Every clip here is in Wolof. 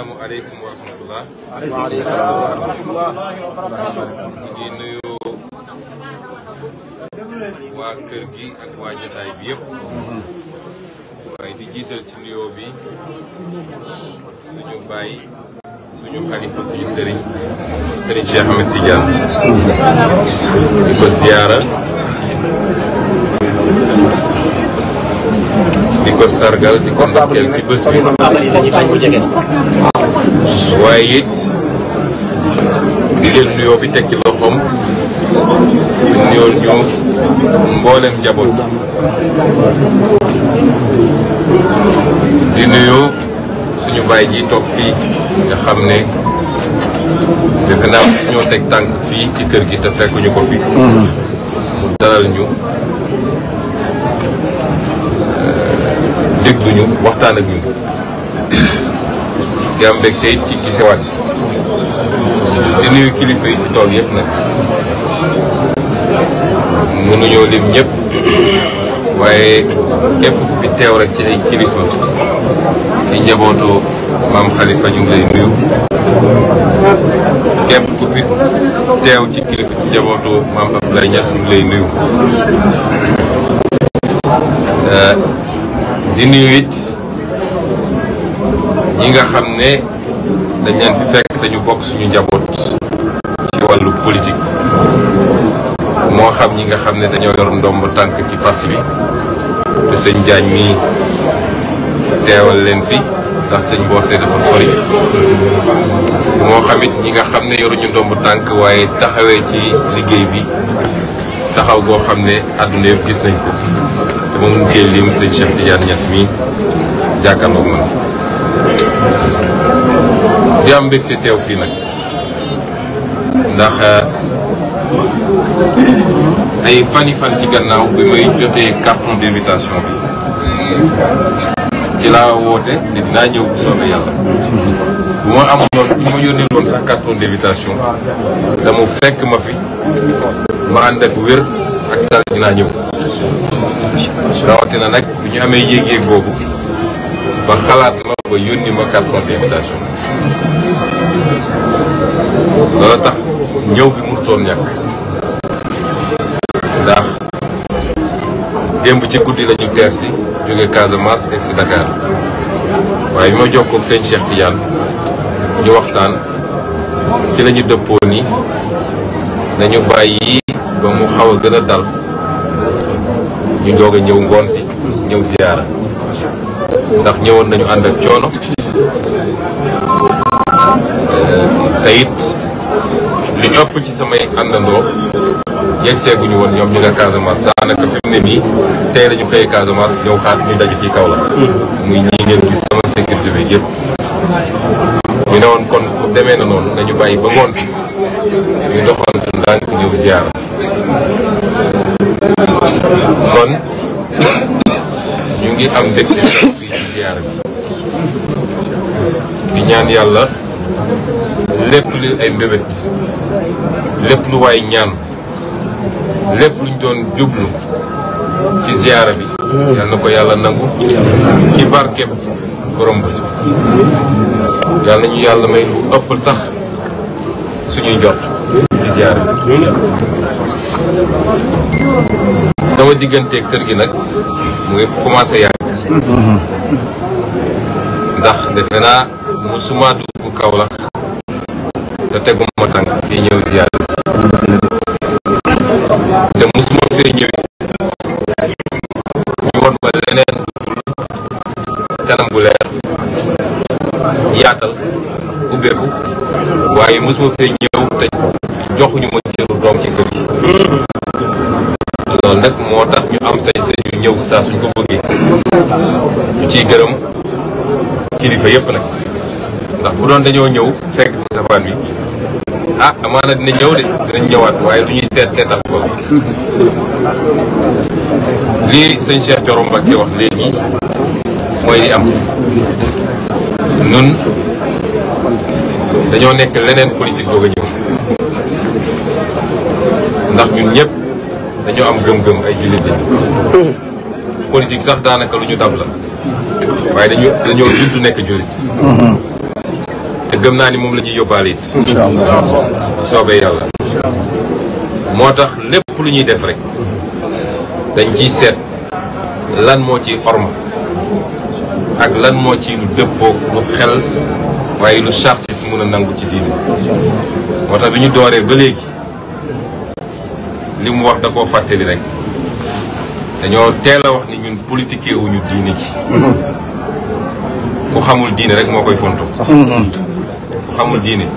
asalaamualeykum wa rahmatullah ñu ngi nuyu waa kër gi ak waa jotaay bi yëpp waaye di jiital ci nuyoo bi suñu bàyyi suñu xalifa suñu sëriñ sëriñ Cheikh Ahmed Tidiane di ko ziyaara di ko sargal di ko ndokkeel ci bés bi waaye it bi teg ci loxoom nuyoon ñu mboolem suñu baay ji toog fii xam ne defe naa suñoo teg tànk fii ci kër gi te fekkuñu ko fi mu dalal ñu dégluñu waxtaan ak ñun di am mbégte ci gisewaat yi nuyu kilifa yi ci tool yëpp nag mënuñoo lim ñëpp waaye képp ku fi teew rek ci ay kilifa ci njabootu maam Khalifa ñu ngi lay nuyu képp ku fi teew ci kilifa ci njabootu maam Abdoulaye Niass ñu ngi lay nuyu. Euh, di nuyu it ñi nga xam ne dañ leen fi fekk dañu bokk suñu njaboot ci wàllu politik moo xam ñi nga xam ne dañoo yor ndomb tànk ci parti bi te sëñ Jaañ mi teewal leen fi ndax sëñ Boosé dafa sori moo xam ñi nga xam ne yoruñu ndomb tànk waaye taxawee ci liggéey bi taxaw boo xam ne àdduna yëpp gis nañ ko te moom ñu koy lim sëñ Cheikh Tidiane Niass mi jàkkaarloog man di am mbégte teew fii nag ndax eh, ay fani fan ci gannaaw bi may jotee carton d'invitation bi ci laa woote ne dinaa ñëw bu soobee yàlla bu ma amoon bu ma yónnee woon sax carton d'invitation dama fekk ma fi ma ànd ak wér ak tal dinaa ñëw rawatina nag bu ñu amee yéeg-yéeg boobu ba xalaat ma ba yónni ma carton d'invitation loolu tax ñëw bi mënutoon ñàkk ndax démb ci guddi lañu teer si jóge Casamance ak si Dakar waaye bi ma jokkoo ak sëñ ñu waxtaan ci la dëppoo ni nañu bàyyi ba mu xaw a gën a dal ñu doog a ñëw ngoon si ñëw ziyaara ndax ñëwoon nañu ànd ak coono te it li ëpp ci samay àndandoo yegg seeguñu woon ñoom ñu nga Casamance daanaka fi mu ne nii tey lañu xëyee Casamance ñëw xaat ñu daje fii kaw la mm-hmm. muy ñii ngeen gis sama sécurité bi yëpp ñu ne kon demee na noonu nañu bàyyi ba ngoon si ñu doxantu ndànk ñëw ziar kon ñu ngi am dëkk bi ziar ñaan yàlla lépp lu ay mbébét lépp lu waay ñaan lépp luñ doon jublu ci ziara bi yal na ko yàlla nangu ci barkeb borom bi yàlla nañu yàlla may lu ëppal sax suñuy jot ci ziar sama diggante kër gi nag mu ngi commencé yàgg ndax defe naa musuma dugg Kaolack te teguma tànk fii ñëw ziar te musuma fee ñëwee ñu won ma leneen kanam bu leer yaatal ubbeeku waaye mosuma fee ñëw te joxuñu ma cëru doom ci kër gi loolu nag moo tax ñu am sañ-sañu ñëw saa suñ ko bëggee ñu ciy gërëm kilifa yëpp nag ndax bu doon dañoo ñëw fekk fi safaan bi ah amaana dina ñëw de dinañ ñëwaat waaye lu ñuy seet seetal ko lii sëñ Cheikh Thioro Mbacké wax léegi mooy li am nun dañoo nekk leneen politique doog a ndax ñun ñëpp dañoo am gëm-gëm ay jullit bi politique sax daanaka lu ñu dab la waaye dañu dañoo juddu nekk jullit te gëm naa ni moom la ñuy yóbbaale it soobee yàlla moo tax lépp lu ñuy def rek dañ ciy seet lan moo ci orma ak lan moo ci lu dëppoo lu xel waaye lu charte ci mun a nangu ci diine moo tax bi ñu dooree ba léegi li mu wax da koo fàttali rek dañoo teel a wax ni ñun politique wuñu diine ji ku xamul diine rek moo koy fonto ku xamul diine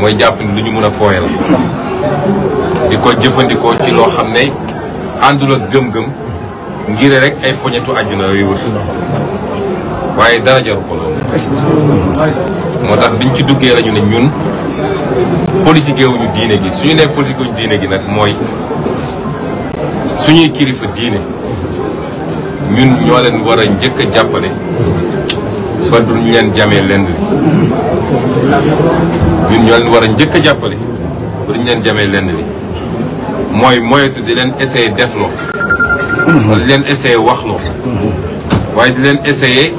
mooy jàpp ni lu ñu mën a fooyal di ko jëfandikoo ci loo xam ne àndul ak gëm-gëm ngir rek ay poñetu àjjuna yooyu wër waaye dara jaru ko moo tax biñ ci duggee lañu ne ñun politique wuñu diine gi suñu nee politique wuñu diine gi nag mooy suñuy kilifa diine ñun ñoo leen war a njëkk jàppale ba duñ leen jamee ñoo leen war a njëkk jàppale ba leen jamee lenn li mooy moyetu di leen essayer defloo wala di leen essayer waxloo waaye di leen essayer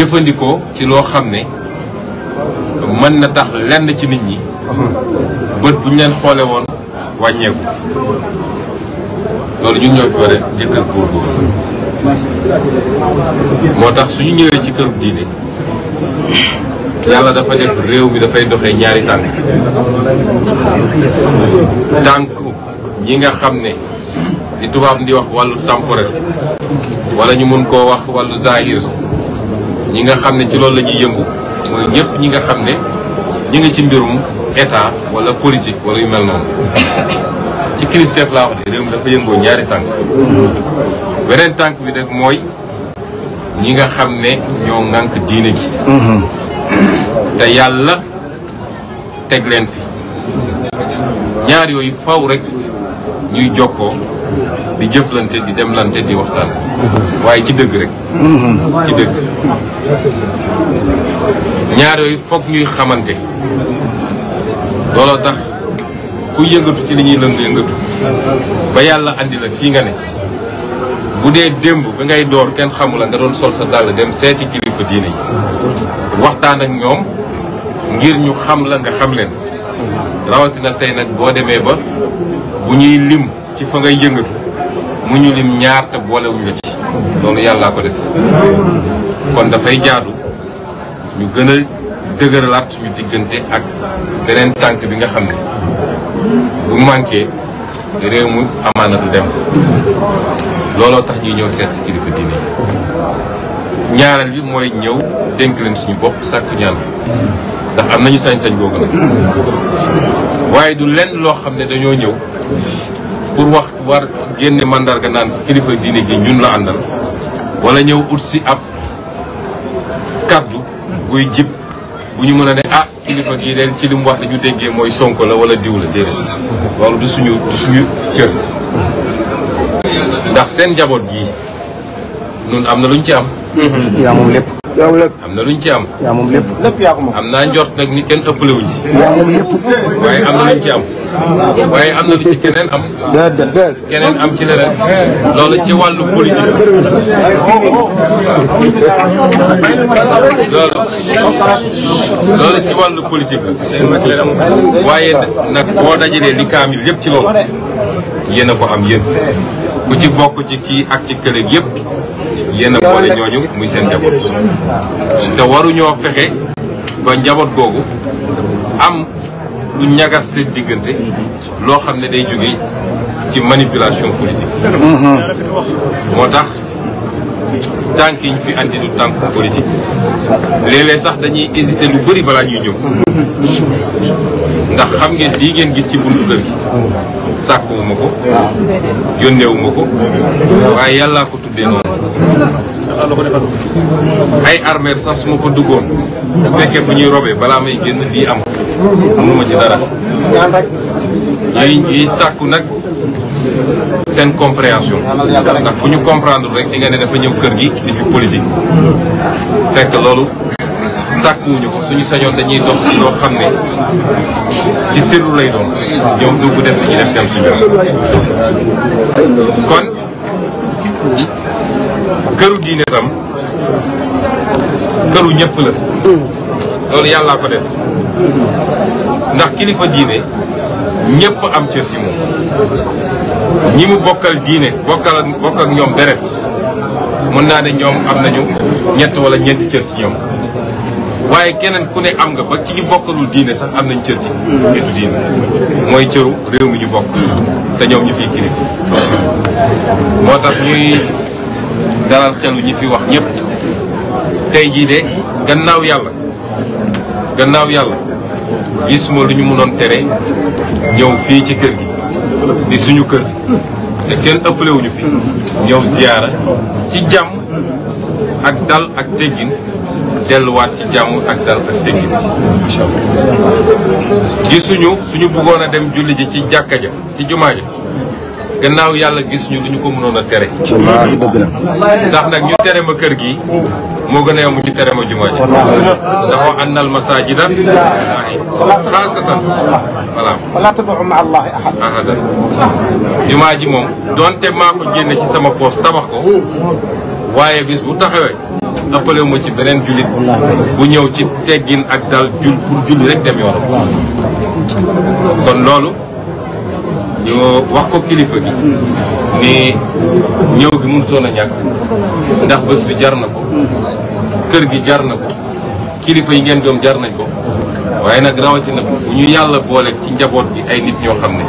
jëfandikoo ci loo xam ne mën na tax lenn ci nit ñi bët bu ñu leen xoole woon wàññeeku loolu ñun ñoo war a njëkk a moo tax suñu ñëwee ci këru diine yàlla dafa def réew mi dafay doxee ñaari tànk tànk ñi nga xam ne ni tubaab di wax wàllu temporel wala ñu mën koo wax wàllu zahir ñi nga xam ne ci loolu la ñuy yëngu mooy ñëpp ñi nga xam ne ñi nga ci mbirum état wala politique wala yu mel noonu ci kilifteef laa wax de réew mi dafa yëngoo ñaari tànk beneen tànk bi nag mooy ñi nga xam ne ñoo ŋànk diine gi te yàlla teg leen fi ñaar yooyu faw rek ñuy jokkoo di jëflante di demlante di waxtaan waaye ci dëgg rek ci dëgg ñaar yooyu foog ñuy xamante looloo tax ku yëngatu ci li ñuy lëng yëngatu ba yàlla andi la fii nga ne bu dee démb ba ngay door kenn xamu la nga doon sol sa dàll dem seeti kilifa diine yi waxtaan ak ñoom ngir ñu xam la nga xam leen rawatina tey nag boo demee ba bu ñuy lim ci fa ngay yëngatu mu ñu lim ñaar te boolewuñ la ci loolu yàllaa ko def kon dafay jaadu ñu gën a dëgëralaat suñu diggante ak beneen tànk bi nga xam ne bu manqué réew mu amaana du dem looloo tax ñuy ñëw seet si kilifa diine yi ñaareel bi mooy ñëw dénk leen suñu bopp sàkk ñaan ndax am nañu sañ-sañ boobu nag waaye du lenn loo xam ne dañoo ñëw pour wax war génne mandarga naan kilifa diine gi ñun la àndal walla ñëw ut si ab kaddu buy jib bu ñu mën a ne a ah, kilifa gii leen ci li mu wax li ñu déggee mooy sonko la wala diw la du suñu du suñu cër ndax seen njaboot gi nun am na lu ñu ci am yaa moom lépp. am na luñ ci am. moom lépp lépp yaa ko am naa njort nag ni kenn ëppale wuñ ci. yaa waaye am na luñ ci am. waaye am na lu ci keneen am. déedéet am ci leneen. loolu ci wàllu politique la. loolu loolu ci wàllu politique la. waaye nag boo dajalee li kaamil yépp ci loolu yéen ko am yéen ku ci bokk ci kii ak ci kële yëpp. yéen a ñooñu muy seen njaboot te waruñoo fexe ba njaboot googu am lu ñagas seen diggante loo xam ne day jóge ci manipulation politique mhm. moo tax tànk yi ñu fi andi tànk politique léeg sax dañuy hésité lu bëri balaa ñuy ñëw ndax xam ngeen li ngeen gis ci buntu kër sàkkuwuma ko yónneewuma ko waaye yàllaa ko tuddee noonu ay armeel sax su ma fa duggoon te fekkee fu ñuy robee balaa may génn lii am amuma ci dara yuy yuy sàkku nag seen compréhension ndax ku ñu comprendre rek di nga ne dafa ñëw kër gi di fi politique fekk loolu sàkkuwuñu ko suñu sañoon dañuy dox ci loo xam ne ci sirru lay doon ñoom dugg def li ñuy def dem suñu kon këru diine tam këru ñëpp la loolu yàllaa ko def ndax kilifa diine ñëpp am cër ci moom ñi mu bokkal diine bokkal ak ak ñoom deret mën naa ne ñoom am nañu ñent wala ñeenti cër ci ñoom waaye keneen ku ne am nga ba ci ñu bokkalul diine sax am nañ cër ci nitu diine mooy cëru réew mi ñu bokk te ñoom ñu fiy kilifa moo tax ñuy dalal xelu ñi fi wax ñëpp tey jii de gannaaw yàlla gannaaw yàlla gisuma lu ñu mënoon tere ñëw fii ci kër gi di suñu kër te kenn ëppalewuñu fi ñëw ziyaara ci jàmm ak dal ak teggin delluwaat ci jàmm ak dal ak teggin gisuñu suñu bëggoon a dem julli ji ci jàkka ja ci jumaa ja gannaaw yàlla gis ñu lu ñu ko mënoon a tere. ndax nag ñu tere ma kër gi. moo gën a yomb ñu tere ma jumaa ji. ndax wa annal masaajida lillaahi xaasatan voilà. falaa tad'uu ma'a llaahi ahadan. jumaa ji moom donte maa ko génne ci sama poos tabax ko waaye bis bu taxawee. ëppalewu ma ci beneen jullit bu ñëw ci teggin ak dal jul pour julli rek dem yoonam kon loolu. ñoo wax ko kilifa gi ne ñëw gi mënutoon ñàkk ndax bés bi jar na ko kër gi jar na ko kilifa yi ngeen doom jar nañ ko waaye nag rawatina bu ñu yàlla booleeg ci njaboot gi ay nit ñoo xam ne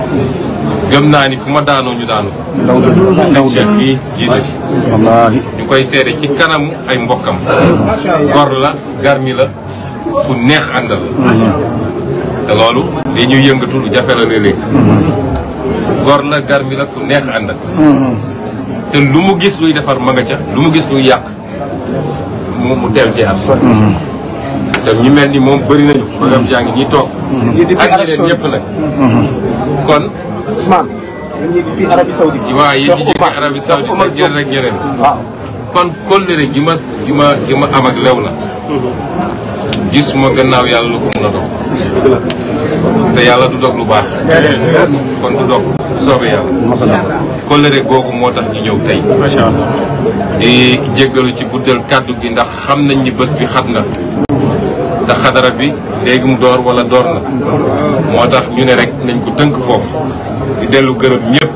gëm naa ni fu ma daanoo ñu daanu seen Cheikh bi jiite ñu koy seere ci kanamu ay mbokkam gor la garmi la ku neex àndal te loolu li ñuy yëngatu lu jafe la léeg gor la garmi la ku neex àndal mm-hmm. te lu mu gis luy defar ma lu mu gis luy yàq mu mu at mm-hmm. te ñi mel ni moom bëri nañu magam yaa ngi ñi toog mm-hmm. ak ñi leen ñëpp nag kon Ousmane ñi kon kóllëre gi ma gi ma gi am ak lew la gis ma gannaaw yàlla lu ko mën a dog te yàlla du dog lu baax kon du dog bu soobee yàlla. kóllëre googu moo tax ñu ñëw tey. macha allah di jéggalu ci guddal kàddu gi ndax xam nañ ni bés bi xat na. ndax xadara bi léegi mu door wala door na. moo tax ñu ne rek nañ ko tënk foofu. di dellu gërëm ñëpp.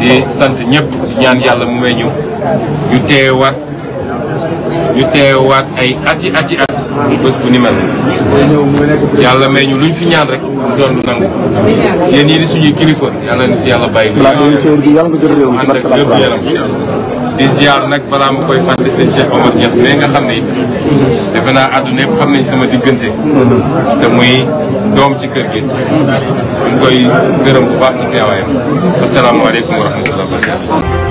di sant ñëpp ñaan yàlla mu may ñu. ñu teewaat ñu teewaat ay ati ati. bés bu ni mel yàlla may ñu luñ fi ñaan rek mu doon lu nangu yéen yi di suñuy kilifa yàlla ni fi yàlla bàyyi ànd ak lépp yaram di ziar nag balaa ma koy fàtte seen Cheikh Omar Niass mais nga xam ne it defe naa àdduna yëpp xam nañ sama diggante te muy doom ci kër gi ñu koy gërëm bu baax ci teewaayam asalaamaaleykum wa rahmatulah